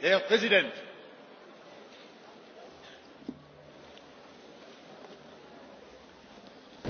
herr präsident!